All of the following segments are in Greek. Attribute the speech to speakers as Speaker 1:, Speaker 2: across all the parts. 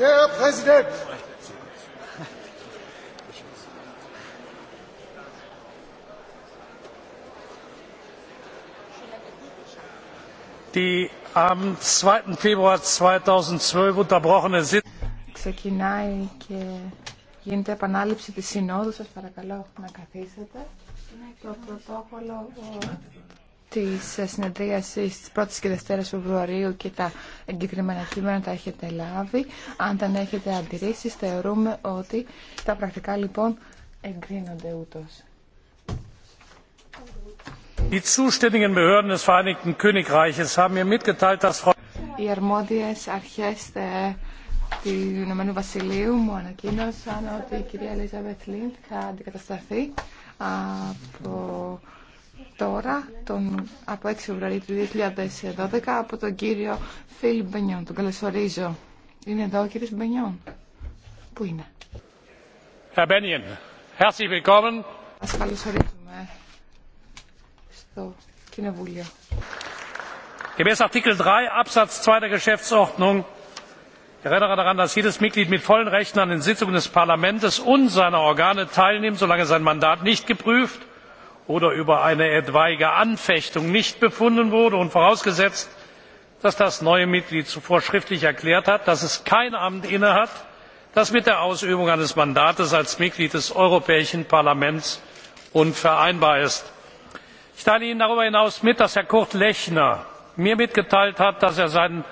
Speaker 1: Herr Präsident! Die am 2. Februar 2012 unterbrochene Sitzung.
Speaker 2: Ξεκινάει και γίνεται επανάληψη της Συνόδου. Σας παρακαλώ να καθίσετε. Το πρωτόκολλο Τη συνεδρίασης τη 1ης και 2ης Φεβρουαρίου και τα εγκεκριμένα κείμενα τα έχετε λάβει. Αν δεν έχετε αντιρρήσεις θεωρούμε ότι τα πρακτικά λοιπόν εγκρίνονται ούτως.
Speaker 1: zuständigen Behörden des Vereinigten Königreiches haben mir mitgeteilt, dass Frau
Speaker 2: Οι αρμόδιε αρχέ ε, του Ηνωμένου Βασιλείου μου ανακοίνωσαν ότι η κυρία Ελίζα Βεθλίντ θα αντικατασταθεί από τώρα, τον, από 6 Φεβρουαρίου του 2012, από τον κύριο Φίλιπ Μπενιόν. Τον καλωσορίζω. Είναι εδώ ο κύριος Μπενιόν. Πού είναι?
Speaker 1: Herr Benjen, herzlich willkommen. Σας καλωσορίζουμε
Speaker 2: στο Κοινοβούλιο.
Speaker 1: Gemäß Artikel 3 Absatz 2 der Geschäftsordnung ich erinnere daran dass jedes mitglied mit vollen rechten an den sitzungen des parlaments und seiner organe teilnimmt solange sein mandat nicht geprüft oder über eine etwaige anfechtung nicht befunden wurde und vorausgesetzt dass das neue mitglied zuvor schriftlich erklärt hat dass es kein amt innehat das mit der ausübung eines mandats als mitglied des europäischen parlaments unvereinbar ist. ich teile ihnen darüber hinaus mit dass herr kurt lechner mir mitgeteilt hat dass er sein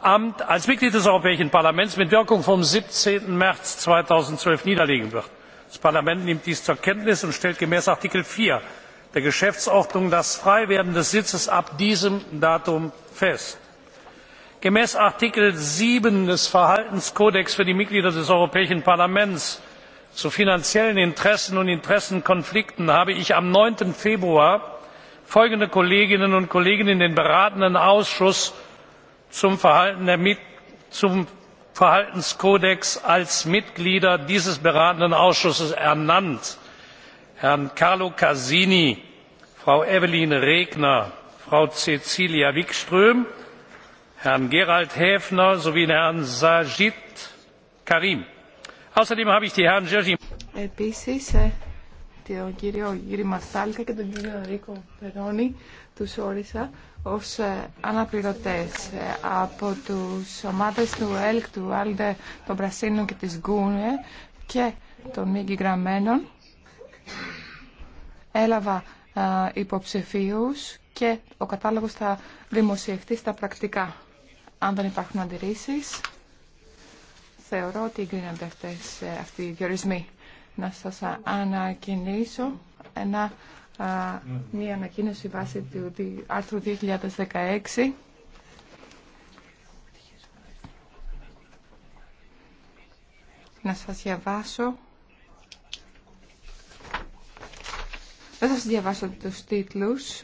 Speaker 1: amt als mitglied des europäischen parlaments mit wirkung vom. siebzehn märz zweitausendzwölf niederlegen wird das parlament nimmt dies zur kenntnis und stellt gemäß artikel vier der geschäftsordnung das freiwerden des sitzes ab diesem datum fest. gemäß artikel sieben des verhaltenskodex für die mitglieder des europäischen parlaments zu finanziellen interessen und interessenkonflikten habe ich am. neun februar folgende kolleginnen und kollegen in den beratenden ausschuss zum verhalten der verhaltenskodex als mitglieder dieses beratenden ausschusses ernannt herrn carlo casini frau eveline regner frau cecilia wikström herrn gerald häfner sowie herrn sajid karim. außerdem habe ich die herren
Speaker 2: τον κύριο Γύρι Μασάλκα και τον κύριο Ρίκο Περόνι τους όρισα ως ε, αναπληρωτές ε, από τους ομάδες του ΕΛΚ, του ΑΛΔΕ, των Πρασίνων και της ΓΚΟΥΝΕ και των μη εγγυγραμμένων. Έλαβα ε, υποψηφίους και ο κατάλογος θα δημοσιευτεί στα πρακτικά. Αν δεν υπάρχουν αντιρρήσεις, θεωρώ ότι εγκρίνονται αυτές, αυτοί οι διορισμοί να σας ανακοινήσω ένα, μια ανακοίνωση βάσει του άρθρου 2016 να σας διαβάσω δεν σας διαβάσω τους τίτλους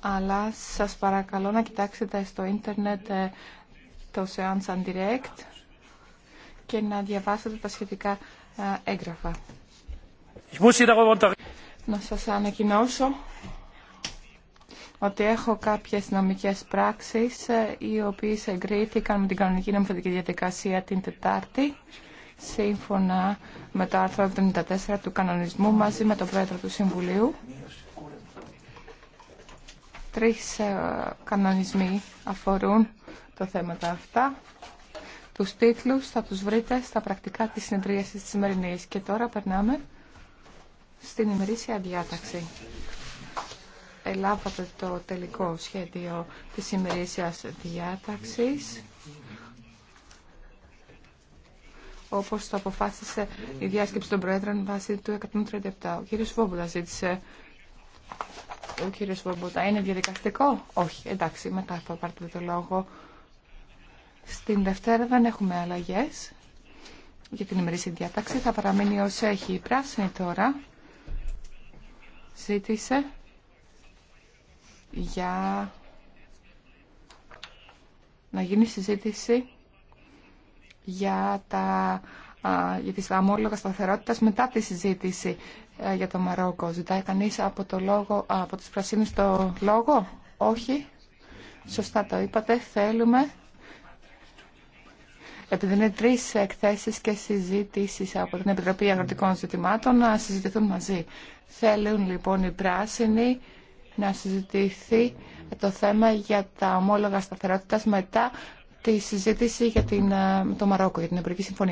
Speaker 2: αλλά σας παρακαλώ να κοιτάξετε στο ίντερνετ ε, το Seance Direct και να διαβάσετε τα σχετικά έγγραφα. Να σας ανακοινώσω ότι έχω κάποιες νομικές πράξεις ε, οι οποίες εγκρίθηκαν με την κανονική νομοθετική διαδικασία την Τετάρτη σύμφωνα με το άρθρο 74 του κανονισμού μαζί με τον Πρόεδρο του Συμβουλίου. Τρεις ε, κανονισμοί αφορούν το θέματα αυτά. Τους τίτλους θα τους βρείτε στα πρακτικά της συνεδρίασης της σημερινής. Και τώρα περνάμε στην ημερήσια διάταξη. Ελάβατε το τελικό σχέδιο της ημερήσιας διάταξης. Όπως το αποφάσισε η διάσκεψη των Προέδρων βάσει του 137. Ο κ. Βόμπουλα ζήτησε ο κ. Βόμπουλα είναι διαδικαστικό. Όχι, εντάξει, μετά θα πάρτε το λόγο. Στην Δευτέρα δεν έχουμε αλλαγές για την ημερήσια διάταξη. Θα παραμείνει όσο έχει η πράσινη τώρα. Ζήτησε για να γίνει συζήτηση για, τα, για τις αμόλογα σταθερότητα μετά τη συζήτηση ε, για το Μαρόκο. Ζητάει κανείς από, το λόγο, από τις πρασίνες το λόγο. Όχι. Σωστά το είπατε. Θέλουμε επειδή είναι τρεις εκθέσεις και συζήτησεις από την Επιτροπή Αγροτικών Ζητημάτων να συζητηθούν μαζί. Θέλουν λοιπόν οι πράσινοι να συζητηθεί το θέμα για τα ομόλογα σταθερότητα μετά τη συζήτηση για ε, το Μαρόκο, για την Ευρωπαϊκή Συμφωνία.